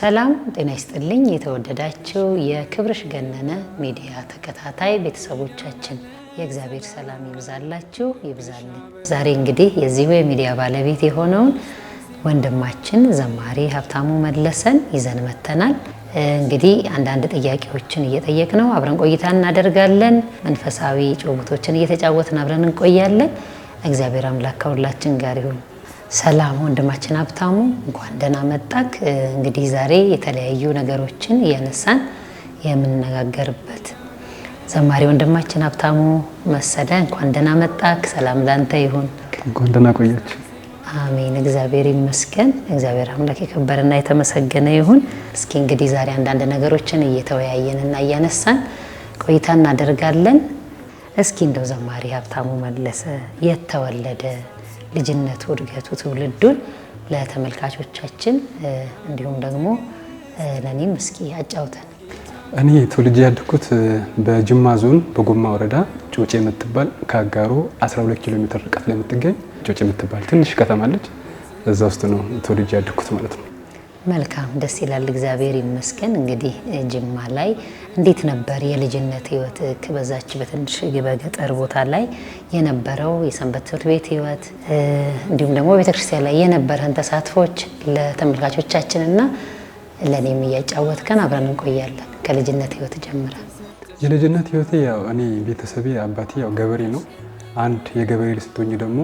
ሰላም ጤና ይስጥልኝ። የተወደዳችው የክብርሽ ገነነ ሚዲያ ተከታታይ ቤተሰቦቻችን የእግዚአብሔር ሰላም ይብዛላችሁ ይብዛልን። ዛሬ እንግዲህ የዚሁ የሚዲያ ባለቤት የሆነውን ወንድማችን ዘማሪ ሀብታሙ መለሰን ይዘን መተናል። እንግዲህ አንዳንድ ጥያቄዎችን እየጠየቅ ነው አብረን ቆይታ እናደርጋለን። መንፈሳዊ ጭውውቶችን እየተጫወትን አብረን እንቆያለን። እግዚአብሔር አምላክ ከሁላችን ጋር ይሁን። ሰላም ወንድማችን ሀብታሙ እንኳን ደህና መጣክ። እንግዲህ ዛሬ የተለያዩ ነገሮችን እያነሳን የምንነጋገርበት ዘማሪ ወንድማችን ሀብታሙ መሰለ እንኳን ደህና መጣክ። ሰላም ላንተ ይሁን። እንኳን ደህና ቆያችሁ። አሜን። እግዚአብሔር ይመስገን። እግዚአብሔር አምላክ የከበረና የተመሰገነ ይሁን። እስኪ እንግዲህ ዛሬ አንዳንድ ነገሮችን እየተወያየንና እያነሳን ቆይታ እናደርጋለን። እስኪ እንደው ዘማሪ ሀብታሙ መለሰ የተወለደ ልጅነቱ፣ እድገቱ፣ ትውልዱን ለተመልካቾቻችን እንዲሁም ደግሞ ለእኔም እስኪ አጫውተን። እኔ ትውልጅ ያድኩት በጅማ ዞን በጎማ ወረዳ ጮጬ የምትባል ከአጋሮ 12 ኪሎ ሜትር ርቀት ላይ የምትገኝ ጮጬ የምትባል ትንሽ ከተማለች። እዛ ውስጥ ነው ትውልጅ ያድኩት ማለት ነው። መልካም ደስ ይላል። እግዚአብሔር ይመስገን። እንግዲህ ጅማ ላይ እንዴት ነበር የልጅነት ህይወት? ከበዛች በትንሽ በገጠር ቦታ ላይ የነበረው የሰንበት ትምህርት ቤት ህይወት እንዲሁም ደግሞ ቤተክርስቲያን ላይ የነበረን ተሳትፎች ለተመልካቾቻችንና ለእኔም እያጫወትከን አብረን እንቆያለን። ከልጅነት ህይወት ጀምረ የልጅነት ህይወቴ ያው እኔ ቤተሰቤ አባቴ ያው ገበሬ ነው። አንድ የገበሬ ልጅ ስትሆኝ ደግሞ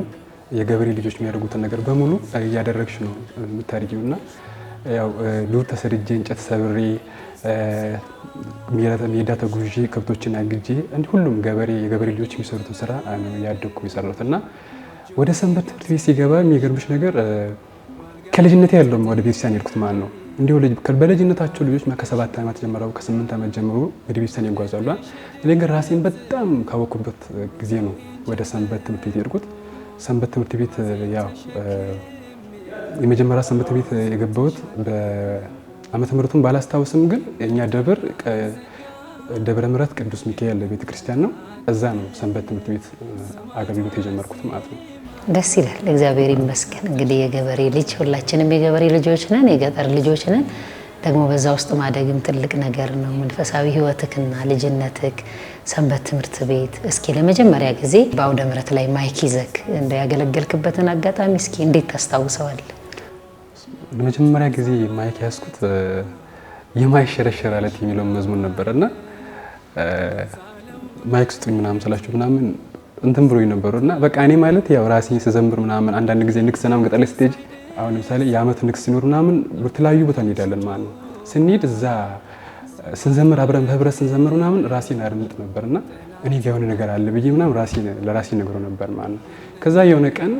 የገበሬ ልጆች የሚያደርጉትን ነገር በሙሉ እያደረግሽ ነው የምታድጊው እና ያው ዱር ተሰድጄ እንጨት ሰብሬ ሜዳ ተጉዤ ከብቶችን አግጄ እንዲ ሁሉም ገበሬ የገበሬ ልጆች የሚሰሩትን ስራ ያደግኩ የሰራሁት እና ወደ ሰንበት ትምህርት ቤት ሲገባ የሚገርምሽ ነገር ከልጅነት ያለው ወደ ቤተክርስቲያን ሄድኩት ማን ነው። እንዲሁ በልጅነታቸው ልጆች ከሰባት ዓመት ጀምረው ከስምንት ዓመት ጀምሮ ወደ ቤተክርስቲያን ይጓዛሉ። እኔ ግን ራሴን በጣም ካወኩበት ጊዜ ነው ወደ ሰንበት ትምህርት ቤት ሄድኩት። ሰንበት ትምህርት ቤት ያው የመጀመሪያ ሰንበት ቤት የገባሁት በዓመተ ምሕረቱን ባላስታውስም ግን የእኛ ደብር ደብረ ምሕረት ቅዱስ ሚካኤል ክርስቲያን ነው። እዛ ነው ሰንበት ትምህርት ቤት አገልግሎት የጀመርኩት ማለት ነው። ደስ ይላል። እግዚአብሔር ይመስገን። እንግዲህ የገበሬ ልጅ ሁላችንም የገበሬ ልጆች ነን፣ የገጠር ልጆች ነን። ደግሞ በዛ ውስጥ ማደግም ትልቅ ነገር ነው። መንፈሳዊ ህይወትክና ልጅነትክ ሰንበት ትምህርት ቤት እስኪ ለመጀመሪያ ጊዜ በአውደ ምረት ላይ ማይክ ይዘክ እንዳያገለገልክበትን አጋጣሚ እስኪ እንዴት ታስታውሰዋል? ለመጀመሪያ ጊዜ ማይክ ያዝኩት የማይሸረሸር አለት የሚለውን መዝሙር ነበረ እና ማይክ ስጡኝ ምናምን ስላችሁ ምናምን እንትን ብሎ ነበሩ እና በቃ እኔ ማለት ያው ራሴ ስዘምር ምናምን አንዳንድ ጊዜ ንግስ ናም ገጠር ስቴጅ አሁን ለምሳሌ የአመት ንግስ ሲኖር ምናምን በተለያዩ ቦታ እንሄዳለን ማለት ነው። ስንሄድ እዛ ስንዘምር አብረን በህብረት ስንዘምር ምናምን ራሴን አድምጥ ነበር እና እኔ ጋ የሆነ ነገር አለ ብዬ ምናምን ለራሴ ነግሮ ነበር ማለት ነው። ከዛ የሆነ ቀን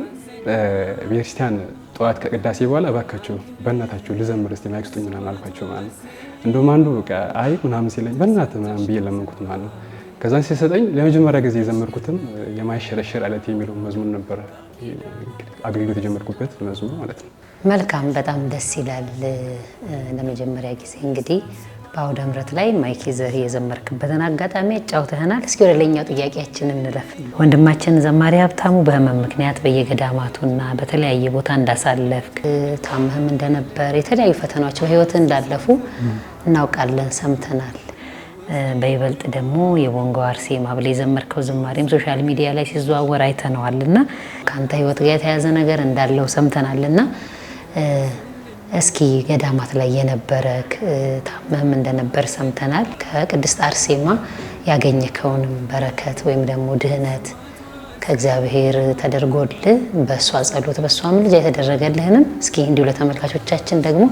ቤተክርስቲያን ጠዋት ከቅዳሴ በኋላ እባካችሁ በእናታችሁ ልዘምር እስቲ ማይክ ስጡኝ ምናምን አልኳቸው ማለት ነው። እንደውም አንዱ በቃ አይ ምናምን ሲለኝ በእናትህ ምናምን ብዬ ለመንኩት ማለት ነው። ከዛን ሲሰጠኝ ለመጀመሪያ ጊዜ የዘመርኩትም የማይሸረሸር አለት የሚለው መዝሙር ነበረ። አገልግሎት የጀመርኩበት መዝሙር ማለት ነው። መልካም፣ በጣም ደስ ይላል። ለመጀመሪያ ጊዜ እንግዲህ በአውደ ምረት ላይ ማይክ ይዘህ የዘመርክበትን አጋጣሚ ጫውተህናል። እስኪ ወደ ለኛው ጥያቄያችን እንለፍ። ወንድማችን ዘማሪ ሀብታሙ በህመም ምክንያት በየገዳማቱና በተለያየ ቦታ እንዳሳለፍክ ታምህም እንደነበር የተለያዩ ፈተናዎች በህይወት እንዳለፉ እናውቃለን፣ ሰምተናል። በይበልጥ ደግሞ የቦንጎ አርሴማ ብለህ የዘመርከው ዝማሬም ሶሻል ሚዲያ ላይ ሲዘዋወር አይተነዋል እና ከአንተ ህይወት ጋር የተያዘ ነገር እንዳለው ሰምተናል እና እስኪ ገዳማት ላይ የነበረ ታመም እንደነበር ሰምተናል። ከቅድስት አርሴማ ያገኘከውንም በረከት ወይም ደግሞ ድህነት ከእግዚአብሔር ተደርጎልህ በእሷ ጸሎት በእሷ ምልጃ የተደረገልህንም እስኪ እንዲሁ ለተመልካቾቻችን ደግሞ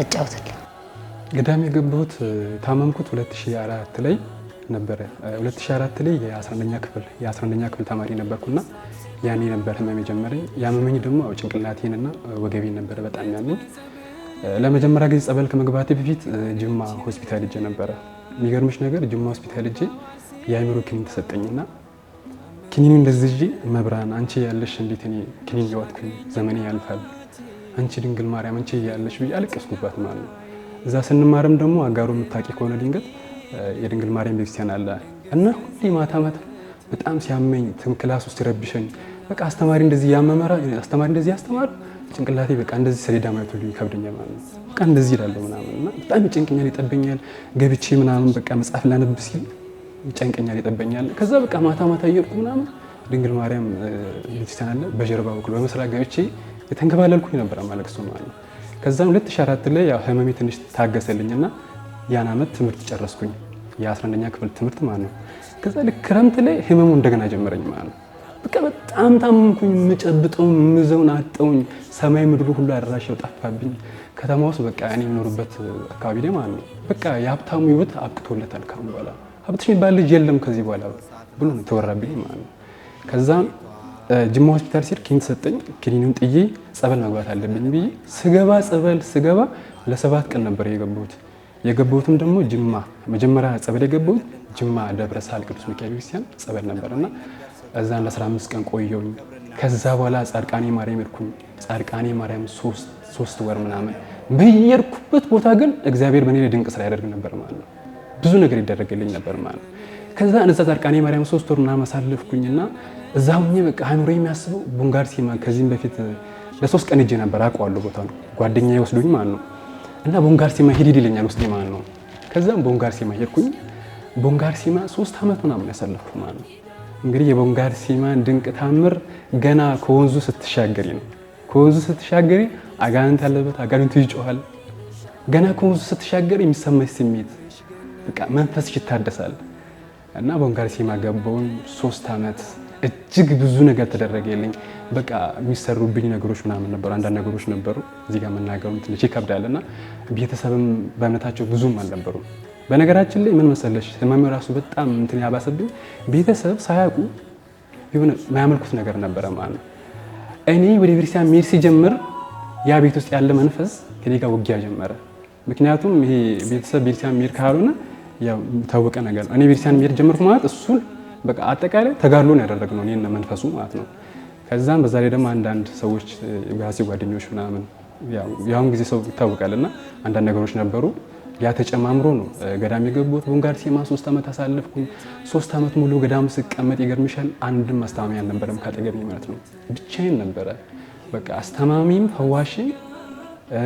አጫውትልን። ገዳም የገባሁት ታመምኩት 2004 ላይ ነበረ። 2004 ላይ የ11ኛ ክፍል ተማሪ ነበርኩና ያኔ ነበር ህመም የጀመረኝ። ያመመኝ ደግሞ ጭንቅላቴንና ወገቤን ነበረ በጣም ያመኝ። ለመጀመሪያ ጊዜ ጸበል ከመግባቴ በፊት ጅማ ሆስፒታል እጄ ነበረ። የሚገርምሽ ነገር ጅማ ሆስፒታል እጄ የአይምሮ ክኒን ተሰጠኝና ክኒኑ እንደዚህ እጄ መብራን አንቺ ያለሽ እንዴት እኔ ክኒን ያወጥኩኝ ዘመኔ ያልፋል አንቺ ድንግል ማርያም አንቺ ያለሽ ብዬ አለቀስኩባት ማለት ነው። እዛ ስንማርም ደግሞ አጋሩ የምታውቂ ከሆነ ድንገት የድንግል ማርያም ቤተክርስቲያን አለ እና ሁሌ ማታ ማታ በጣም ሲያመኝ ትምክላስ ውስጥ ይረብሸኝ በቃ አስተማሪ እንደዚህ ያመመራ አስተማሪ እንደዚህ ያስተማር ጭንቅላቴ በቃ እንደዚህ ሰሌዳ ማየቱ ይከብደኛል ማለት ነው። በቃ እንደዚህ እላለሁ ምናምን እና በጣም ይጨንቀኛል፣ ይጠበኛል። ገብቼ ምናምን በቃ መጽሐፍ ላነብ ሲል ይጨንቀኛል፣ ይጠበኛል። ከዛ በቃ ማታ ማታ እየሄድኩ ምናምን ድንግል ማርያም ቤተክርስቲያን አለ በጀርባ በኩል በመስራት ገብቼ የተንከባለልኩኝ ነበረ ማለት ሱ ማለት ነው። ከዛም 2004 ላይ ያው ህመሜ ትንሽ ታገሰልኝ ታገሰልኝና ያን አመት ትምህርት ጨረስኩኝ የ11ኛ ክፍል ትምህርት ማለት ነው። ከዛ ልክ ክረምት ላይ ህመሙ እንደገና ጀመረኝ ማለት ነው። በቃ በጣም ታመምኩኝ። የምጨብጠውን ምዘውን አጠውኝ። ሰማይ ምድሩ ሁሉ አድራሻው ጠፋብኝ። ከተማ ውስጥ በቃ እኔ የምኖርበት አካባቢ ላይ ማለት ነው። በቃ የሀብታሙ ህይወት አብቅቶለታል። ካሁን በኋላ ሀብትሽ የሚባል ልጅ የለም ከዚህ በኋላ ብሎ ነው የተወራብኝ ማለት ነው። ከዛ ጅማ ሆስፒታል ሲሄድ ኪኒን ሰጠኝ። ኪኒኑን ጥዬ ጸበል መግባት አለብኝ ብዬ ስገባ ጸበል ስገባ ለሰባት ቀን ነበር የገባሁት። የገባሁትም ደግሞ ጅማ መጀመሪያ ጸበል የገባሁት ጅማ ደብረ ሳህል ቅዱስ ሚካኤል ክርስቲያን ጸበል ነበር ነበርና እዛ ለ15 ቀን ቆየውኝ። ከዛ በኋላ ጻድቃኔ ማርያም ሄድኩኝ። ጻድቃኔ ማርያም ሶስት ወር ምናምን በየርኩበት ቦታ ግን እግዚአብሔር በእኔ ላይ ድንቅ ስራ ያደርግ ነበር ማለት ነው። ብዙ ነገር ይደረግልኝ ነበር ማለት ነው። ከዛ እነዛ ጻድቃኔ ማርያም ሶስት ወር ምናምን አሳለፍኩኝና እዛ ሁኜ በቃ አይምሮ የሚያስበው ቡንጋር ሲማ ከዚህም በፊት ለሶስት ቀን እጄ ነበር አውቀዋለሁ ቦታ ነው ጓደኛ ይወስዱኝ ማለት ነው እና ቦንጋርሲማ ሂድ ይለኛል ውስጥ ማለት ነው። ከዛም ቦንጋርሲማ ሄድኩኝ። ቦንጋርሲማ ሶስት ዓመት ምናምን ያሳለፍኩት ማለት ነው። እንግዲህ የቦንጋርሲማን ድንቅ ታምር ገና ከወንዙ ስትሻገሪ ነው። ከወንዙ ስትሻገሪ አጋንንት ያለበት አጋንንቱ ይጮሃል። ገና ከወንዙ ስትሻገሪ የሚሰማሽ ስሜት በቃ መንፈስሽ ይታደሳል እና ቦንጋርሲማ ገባውን ሶስት ዓመት እጅግ ብዙ ነገር ተደረገልኝ። በቃ የሚሰሩብኝ ነገሮች ምናምን ነበሩ፣ አንዳንድ ነገሮች ነበሩ። እዚህ ጋር መናገሩ ትንሽ ይከብዳል እና ቤተሰብም በእምነታቸው ብዙም አልነበሩም። በነገራችን ላይ ምን መሰለሽ ህመሜ ራሱ በጣም እንትን ያባሰብኝ ቤተሰብ ሳያውቁ የሆነ ማያመልኩት ነገር ነበረ ማለት ነው። እኔ ወደ ቤተክርስቲያን መሄድ ሲጀምር ያ ቤት ውስጥ ያለ መንፈስ ከኔ ጋር ውጊያ ጀመረ። ምክንያቱም ይሄ ቤተሰብ ቤተክርስቲያን መሄድ ካልሆነ ያው ታወቀ ነገር ነው። እኔ ቤተክርስቲያን መሄድ ጀመርኩ ማለት እሱን በቃ አጠቃላይ ተጋድሎን ያደረግነው እኔ መንፈሱ ማለት ነው። ከዛም በዛ ላይ ደግሞ አንዳንድ ሰዎች የሀሴ ጓደኞች ምናምን የአሁን ጊዜ ሰው ይታወቃል እና አንዳንድ ነገሮች ነበሩ። ያ ተጨማምሮ ነው ገዳም የገቡት። ቦንጋር ሴማ ሶስት ዓመት አሳልፍኩ። ሶስት ዓመት ሙሉ ገዳም ስቀመጥ ይገርምሻል፣ አንድም አስተማሚ አልነበረም ካጠገቤ ማለት ነው። ብቻዬን ነበረ በቃ አስተማሚም ፈዋሽ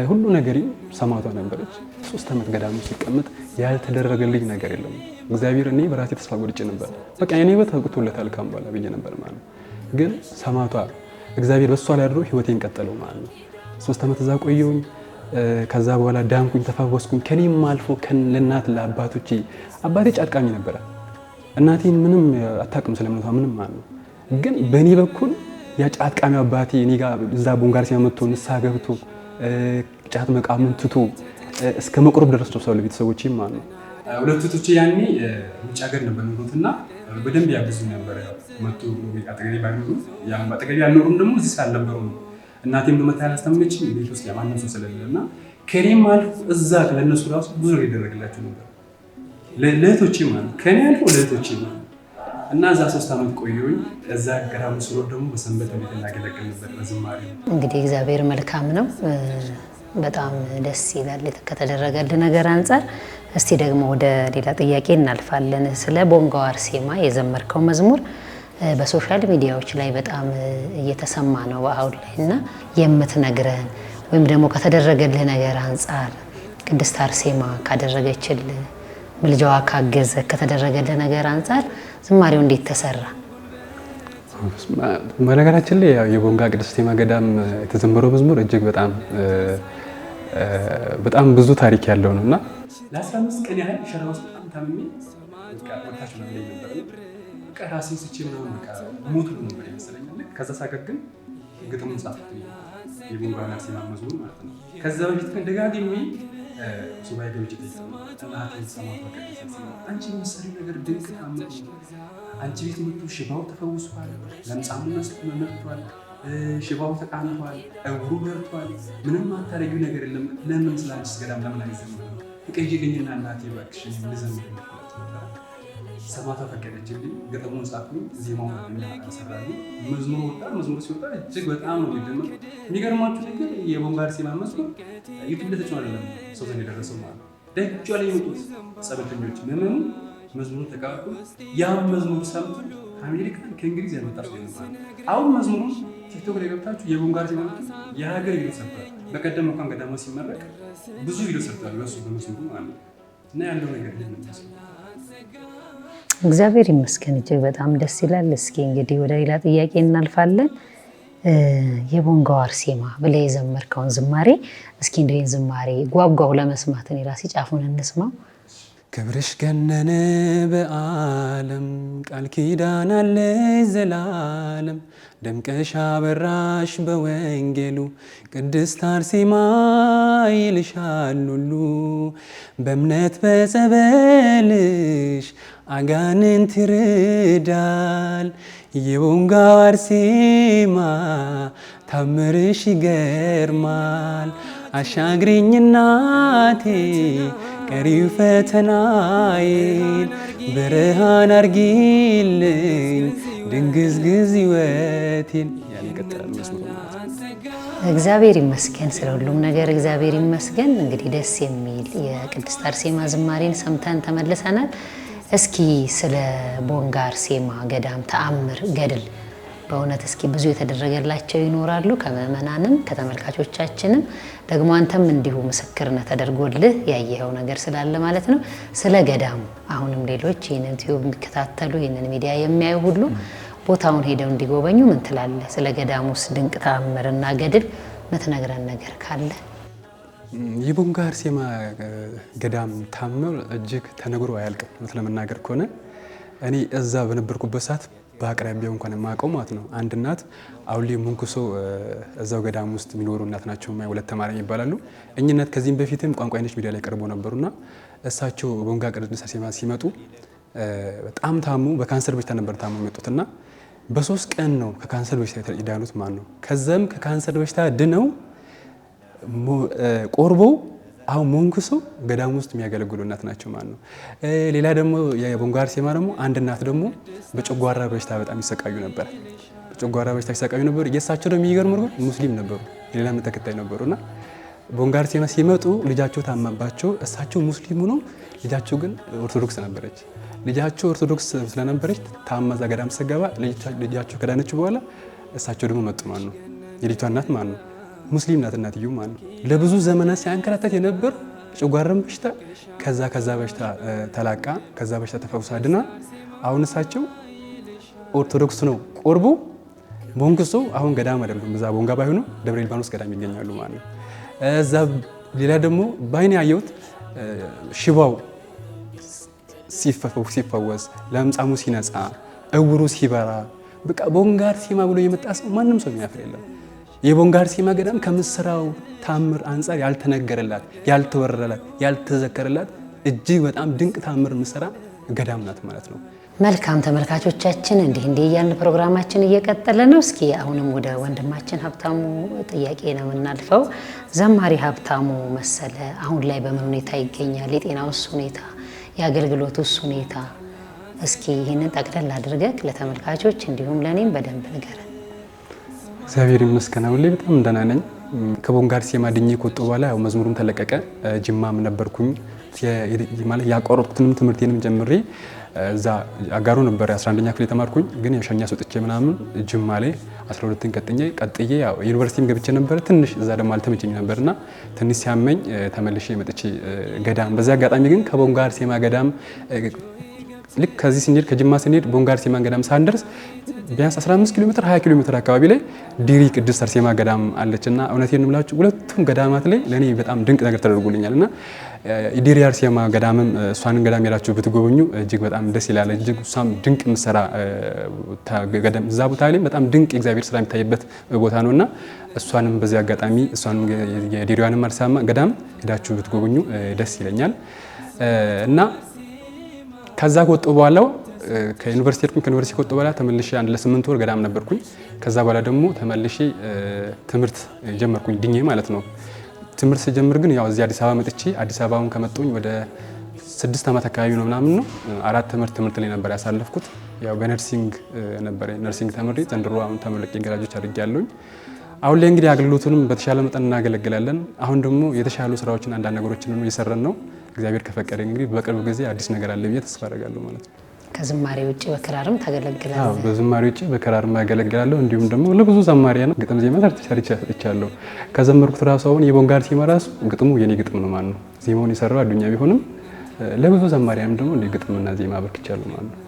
ሁሉ ነገር ሰማቷ ነበረች። ሶስት ዓመት ገዳም ሲቀመጥ ያልተደረገልኝ ነገር የለም። እግዚአብሔር እኔ በራሴ ተስፋ ጎድጬ ነበር። በቃ የኔ ህይወት አብቅቶለታል ካም በኋላ ብዬ ነበር ማለት ነው። ግን ሰማቷ እግዚአብሔር በእሷ ላይ አድሮ ህይወቴን ቀጠለው ማለት ነው። ሶስት ዓመት እዛ ቆየሁኝ። ከዛ በኋላ ዳንኩኝ፣ ተፋወስኩኝ። ከኔም አልፎ ለእናት ለአባቶቼ አባቴ ጫጥቃሚ ነበረ። እናቴን ምንም አታውቅም ስለምነቷ ምንም ማለት ነው። ግን በእኔ በኩል ያ ጫጥቃሚ አባቴ እኔ ጋር እዛ ቦንጋር ሲያመጥቶ ንሳ ገብቶ ጫት መቃሙን ትቶ እስከ መቁረብ ድረስ ነው ሰው ለቤተሰቦች ማለት ነው። ሁለቱ ቶቼ ያኔ ውጭ ሀገር ነበር ኑሮት እና በደንብ ያብዙ ነበር መቶ አጠገቤ ባይኖሩ አጠገቤ ያልኖሩም ደግሞ እዚህ ስላልነበሩ ነው። እናቴም በመታ ያላስተምች ቤት ውስጥ የማንም ስለሌለ እና ከኔም አልፎ እዛ ለእነሱ ራሱ ብዙ ነው የደረግላቸው ነበር ለእህቶቼ ማለት ከኔ አልፎ ለእህቶቼ ማለት እና እዛ ሶስት አመት ቆየሁኝ። እዛ ገዳሙ ስኖር ደግሞ በሰንበት ቤት እናገለግል ነበር በዝማሬ። እንግዲህ እግዚአብሔር መልካም ነው። በጣም ደስ ይላል ከተደረገል ነገር አንጻር። እስቲ ደግሞ ወደ ሌላ ጥያቄ እናልፋለን። ስለ ቦንጋ አርሴማ የዘመርከው መዝሙር በሶሻል ሚዲያዎች ላይ በጣም እየተሰማ ነው በአሁን ላይ እና የምትነግረን ወይም ደግሞ ከተደረገልህ ነገር አንጻር ቅድስት አርሴማ ካደረገችልህ ምልጃዋ ካገዘ ከተደረገልህ ነገር አንጻር ዝማሬው እንዴት ተሰራ? በነገራችን ላይ የቦንጋ ቅድስት ማገዳም የተዘመረው መዝሙር እጅግ በጣም በጣም ብዙ ታሪክ ያለው ነው እና ለ15 ቀን ያህል ሸራ ውስጥ በጣም ታምሜ ቀራሴ ስቼ ምናምን ሞት ነበር ይመስለኝ። ከዛ ሳገር ግን ግጥሙን ጻፍኩት የቦንጋ ናሲማ መዝሙር ማለት ነው። ከዛ በፊት ግን ደጋግሜ አንቺ የምትሰሪው ነገር ድንቅ ታምር። አንቺ ቤት መጥቶ ሽባው ተፈውሷል፣ ለምጻሙና መርቷል፣ ሽባው ተቃንቷል፣ እግሩ በርቷል። ምንም አታደርጊው ነገር የለም። ለምን ስለ አንቺ ስገዳም ለምን አይዘምርም? ትቀይልኝና እናቴ እባክሽን ልዘምር ሰማታ ፈቀደችልኝ ገጠሙን ጻፍኩኝ፣ ዜማው ሰራሉ። መዝሙር ወጣ። መዝሙር ሲወጣ እጅግ በጣም ነው የሚደመጥ። የሚገርማችሁ ነገር የቦምባር ሲማ መስሎ ዩቱብ ለተጫው አይደለም ሰው ዘንድ የደረሰው ማለት ደጇ ላይ የመጡት ጸበተኞች ምንም መዝሙሩ ተቃቁ። ያም መዝሙር ሰምቶ ከአሜሪካን ከእንግሊዝ ያመጣ ሰው ይመስላል። አሁን መዝሙሩ ቲክቶክ ላይ ገብታችሁ የቦምባር ዜማ የሀገር ቪዲዮ ሰርቷል። በቀደም እንኳን ገዳማ ሲመረቅ ብዙ ቪዲዮ ሰርቷል። በሱ በመዝሙሩ ማለት እና ያለው ነገር ይመስላል እግዚአብሔር ይመስገን እጅግ በጣም ደስ ይላል። እስኪ እንግዲህ ወደ ሌላ ጥያቄ እናልፋለን። የቦንጋው አርሴማ ብለህ የዘመርከውን ዝማሬ እስኪ እንደን ዝማሬ ጓጓው ለመስማት እኔ ራሴ ጫፉን እንስማው። ክብርሽ ገነነ በዓለም ቃል ኪዳን አለሽ ዘላለም ደምቀሽ አበራሽ በወንጌሉ ቅድስት አርሴማ ይልሻል ሁሉ በእምነት በጸበልሽ አጋንንት ይርዳል። የቦንጋው አርሴማ ታምርሽ ይገርማል። አሻግሪኝ እናቴ ቀሪው ፈተናዬን ብርሃን አርጊልኝ ድንግዝግዝ ይወቴን። እግዚአብሔር ይመስገን ስለ ሁሉም ነገር እግዚአብሔር ይመስገን። እንግዲህ ደስ የሚል የቅድስት አርሴማ ዝማሬን ሰምተን ተመልሰናል። እስኪ ስለ ቦንጋ አርሴማ ገዳም ተአምር ገድል በእውነት እስኪ ብዙ የተደረገላቸው ይኖራሉ። ከምእመናንም ከተመልካቾቻችንም ደግሞ አንተም እንዲሁ ምስክርነት ተደርጎልህ ያየኸው ነገር ስላለ ማለት ነው። ስለ ገዳሙ አሁንም ሌሎች ይህንን ዩቲዩብ የሚከታተሉ ይህንን ሚዲያ የሚያዩ ሁሉ ቦታውን ሄደው እንዲጎበኙ ምን ትላለህ? ስለ ገዳሙስ ድንቅ ተአምርና ገድል ምትነግረን ነገር ካለ የቦንጋ አርሴማ ገዳም ታምር እጅግ ተነግሮ አያልቅም። እውነት ለመናገር ከሆነ እኔ እዛ በነበርኩበት ሰዓት በአቅራቢያው እንኳን የማውቀው ማለት ነው አንድ እናት አውሌ ሙንኩሶ እዛው ገዳም ውስጥ የሚኖሩ እናት ናቸው። ሁለት ተማሪ ይባላሉ። እኚህ እናት ከዚህም በፊትም ቋንቋ አይነች ሚዲያ ላይ ቀርቦ ነበሩና እሳቸው ቦንጋ ቅድስት አርሴማ ሲመጡ በጣም ታሙ፣ በካንሰር በሽታ ነበር ታሙ የመጡትና በሶስት ቀን ነው ከካንሰር በሽታ የዳኑት ማን ነው። ከዛም ከካንሰር በሽታ ድነው ቆርበው አሁን ሞንክሶ ገዳም ውስጥ የሚያገለግሉ እናት ናቸው ማለት ነው። ሌላ ደግሞ የቦንጎ አርሴማ ደግሞ አንድ እናት ደግሞ በጨጓራ በሽታ በጣም ይሰቃዩ ነበር። በጨጓራ በሽታ ይሰቃዩ ነበሩ። የእሳቸው ደግሞ የሚገርም ነው፣ ሙስሊም ነበሩ፣ የሌላ እምነት ተከታይ እና ቦንጎ አርሴማ ሲመጡ ልጃቸው ታማባቸው፣ እሳቸው ሙስሊም ሆኖ ልጃቸው ግን ኦርቶዶክስ ነበረች። ልጃቸው ኦርቶዶክስ ስለነበረች ታማዛ ገዳም ስገባ ልጃቸው ከዳነች በኋላ እሳቸው ደግሞ መጡ ማለት ነው፣ የልጅቷ እናት ማለት ነው ሙስሊም ናት እናትዩ ማለት ነው። ለብዙ ዘመናት ሲያንከራተት የነበር ጭጓረም በሽታ ከዛ ከዛ በሽታ ተላቃ ከዛ በሽታ ተፈውሳ ድና አሁን እሳቸው ኦርቶዶክስ ነው ቆርቦ ቦንክሶ አሁን ገዳም አይደሉም። እዛ ቦንጋ ባይሆኑ ደብረ ሊባኖስ ገዳም ይገኛሉ ማለት ነው። እዛ ሌላ ደግሞ በአይን ያየሁት ሽባው ሲፈወስ፣ ለምጻሙ ሲነጻ፣ እውሩ ሲበራ፣ በቃ ቦንጋር ሲማ ብሎ የመጣ ሰው ማንም ሰው የሚያፍር የለም። ጋር ገዳም ከምስራው ታምር አንጻር ያልተነገረላት፣ ያልተወረረላት፣ ያልተዘከረላት እጅግ በጣም ድንቅ ታምር ምሰራ ገዳም ናት ማለት ነው። መልካም ተመልካቾቻችን፣ እንዲህ እንዲህ እያልን ፕሮግራማችን እየቀጠለ ነው። እስኪ አሁንም ወደ ወንድማችን ሀብታሙ ጥያቄ ነው የምናልፈው። ዘማሪ ሀብታሙ መሰለ አሁን ላይ በምን ሁኔታ ይገኛል? የጤናውስ ሁኔታ፣ የአገልግሎቱስ ሁኔታ፣ እስኪ ይህንን ጠቅለል አድርገህ ለተመልካቾች እንዲሁም ለእኔም በደንብ ንገረን። እግዚአብሔር ይመስገን አሁን በጣም ደህና ነኝ። ከቦን ጋር ከቦንጋርሲ የማድኜ ከወጡ በኋላ ያው መዝሙሩም ተለቀቀ፣ ጅማም ነበርኩኝ ማለት ያቋረጥኩትንም ትምህርቴንም ጀምሬ እዛ አጋሩ ነበር 11ኛ ክፍል የተማርኩኝ። ግን ሸኛ ሰጥቼ ምናምን ጅማ ላይ 12ን ቀጥኜ ቀጥዬ ያው ዩኒቨርሲቲም ገብቼ ነበር። ትንሽ እዛ ደግሞ አልተመቸኝ ነበርና ትንሽ ሲያመኝ ተመልሼ መጥቼ ገዳም በዚያ አጋጣሚ ግን ከቦን ጋር ሴማ ገዳም ልክ ከዚህ ስንሄድ ከጅማ ስንሄድ ቦንጋር ሴማ ገዳም ሳንደርስ ቢያንስ 15 ኪሎ ሜትር 20 ኪሎ ሜትር አካባቢ ላይ ዲሪ ቅድስት አርሴማ ገዳም አለችና እውነቴን እምላችሁ ሁለቱም ገዳማት ላይ ለእኔ በጣም ድንቅ ነገር ተደርጎልኛል እና ዲሪ አርሴማ ገዳምም እሷንን ገዳም ሄዳችሁ ብትጎበኙ እጅግ በጣም ደስ ይላል። እጅግ እሷም ድንቅ ምሰራ ገዳም እዛ ቦታ ላይ በጣም ድንቅ የእግዚአብሔር ስራ የሚታይበት ቦታ ነው እና እሷንም በዚህ አጋጣሚ እሷንም የዲሪዋንም አርሴማ ገዳም ሄዳችሁ ብትጎበኙ ደስ ይለኛል እና ከዛ ከወጡ በኋላው ከዩኒቨርሲቲ ሄድኩኝ። ከዩኒቨርሲቲ ከወጣሁ በኋላ ተመልሼ አንድ ለስምንት ወር ገዳም ነበርኩኝ። ከዛ በኋላ ደግሞ ተመልሼ ትምህርት ጀመርኩኝ ድኜ ማለት ነው። ትምህርት ስጀምር ግን ያው እዚህ አዲስ አበባ መጥቼ አዲስ አበባውን ከመጡኝ ወደ ስድስት ዓመት አካባቢ ነው ምናምን ነው አራት ትምህርት ትምህርት ላይ ነበር ያሳለፍኩት። ያው በነርሲንግ ነበር ነርሲንግ ተምሬ ዘንድሮ አሁን ተመልቄ ገላጆች አድርጌያለሁኝ። አሁን ላይ እንግዲህ አገልግሎቱንም በተሻለ መጠን እናገለግላለን። አሁን ደግሞ የተሻሉ ስራዎችን አንዳንድ ነገሮችን እየሰራን ነው። እግዚአብሔር ከፈቀደ እንግዲህ በቅርብ ጊዜ አዲስ ነገር አለ ብዬ ተስፋ አደርጋለሁ ማለት ነው። ከዝማሬ ውጭ በክራርም ታገለግላለህ? በዝማሬ ውጭ በክራርም አገለግላለሁ። እንዲሁም ደግሞ ለብዙ ዘማሪያን ግጥም ዜማ ሰርቻ ሰጥቻለሁ። ከዘመርኩት ራሱ አሁን የቦንጋር ሲማ ራሱ ግጥሙ የኔ ግጥም ነው ማለት ነው። ዜማውን የሰራው አዱኛ ቢሆንም ለብዙ ዘማሪያንም ደግሞ እንደ ግጥምና ዜማ አበርክቻለሁ ማለት ነው።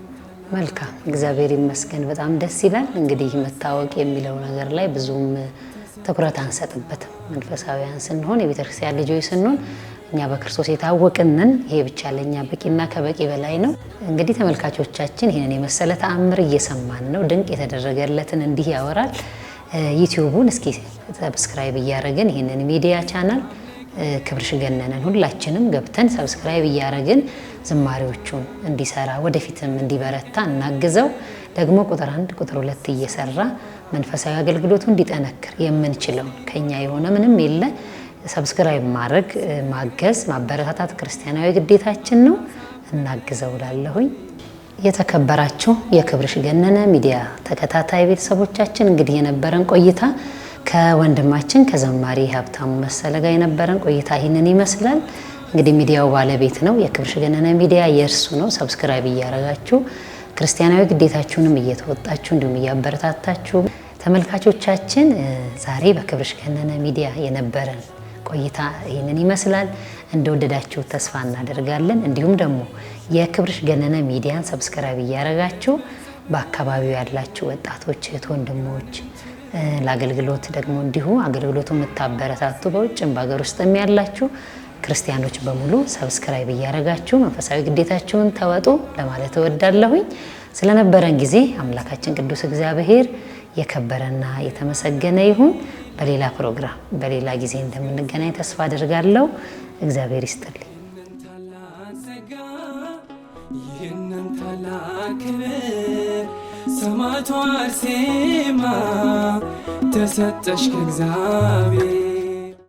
መልካም እግዚአብሔር ይመስገን። በጣም ደስ ይላል። እንግዲህ መታወቅ የሚለው ነገር ላይ ብዙም ትኩረት አንሰጥበትም። መንፈሳዊያን ስንሆን የቤተክርስቲያን ልጆች ስንሆን እኛ በክርስቶስ የታወቅንን ይሄ ብቻ ለእኛ በቂና ከበቂ በላይ ነው። እንግዲህ ተመልካቾቻችን ይህንን የመሰለ ተአምር እየሰማን ነው። ድንቅ የተደረገለትን እንዲህ ያወራል። ዩቲዩቡን እስኪ ሰብስክራይብ እያደረግን ይህንን ሚዲያ ቻናል ክብርሽ ገነነን ሁላችንም ገብተን ሰብስክራይብ እያደረግን ዝማሬዎቹን እንዲሰራ ወደፊትም እንዲበረታ እናግዘው። ደግሞ ቁጥር አንድ ቁጥር ሁለት እየሰራ መንፈሳዊ አገልግሎቱ እንዲጠነክር የምንችለውን ከኛ የሆነ ምንም የለ ሰብስክራይብ ማድረግ ማገዝ፣ ማበረታታት ክርስቲያናዊ ግዴታችን ነው። እናግዘው ላለሁኝ የተከበራችሁ የክብርሽ ገነነ ሚዲያ ተከታታይ ቤተሰቦቻችን እንግዲህ የነበረን ቆይታ ከወንድማችን ከዘማሪ ሀብታሙ መሰለ ጋር የነበረን ቆይታ ይህንን ይመስላል። እንግዲህ ሚዲያው ባለቤት ነው፣ የክብርሽ ገነነ ሚዲያ የእርሱ ነው። ሰብስክራይብ እያረጋችሁ ክርስቲያናዊ ግዴታችሁንም እየተወጣችሁ እንዲሁም እያበረታታችሁ ተመልካቾቻችን ዛሬ በክብርሽ ገነነ ሚዲያ የነበረን ቆይታ ይህንን ይመስላል። እንደወደዳችሁ ተስፋ እናደርጋለን። እንዲሁም ደግሞ የክብርሽ ገነነ ሚዲያን ሰብስክራይብ እያደረጋችሁ በአካባቢው ያላችሁ ወጣቶች እህት ወንድሞች ለአገልግሎት ደግሞ እንዲሁ አገልግሎቱ የምታበረታቱ በውጭም በሀገር ውስጥም ያላችሁ ክርስቲያኖች በሙሉ ሰብስክራይብ እያደረጋችሁ መንፈሳዊ ግዴታችሁን ተወጡ ለማለት እወዳለሁኝ። ስለነበረን ጊዜ አምላካችን ቅዱስ እግዚአብሔር የከበረና የተመሰገነ ይሁን። በሌላ ፕሮግራም በሌላ ጊዜ እንደምንገናኝ ተስፋ አድርጋለሁ። እግዚአብሔር ይስጥልኝ። ይህንን አርሴማ ተሰጠሽ ከእግዚአብሔር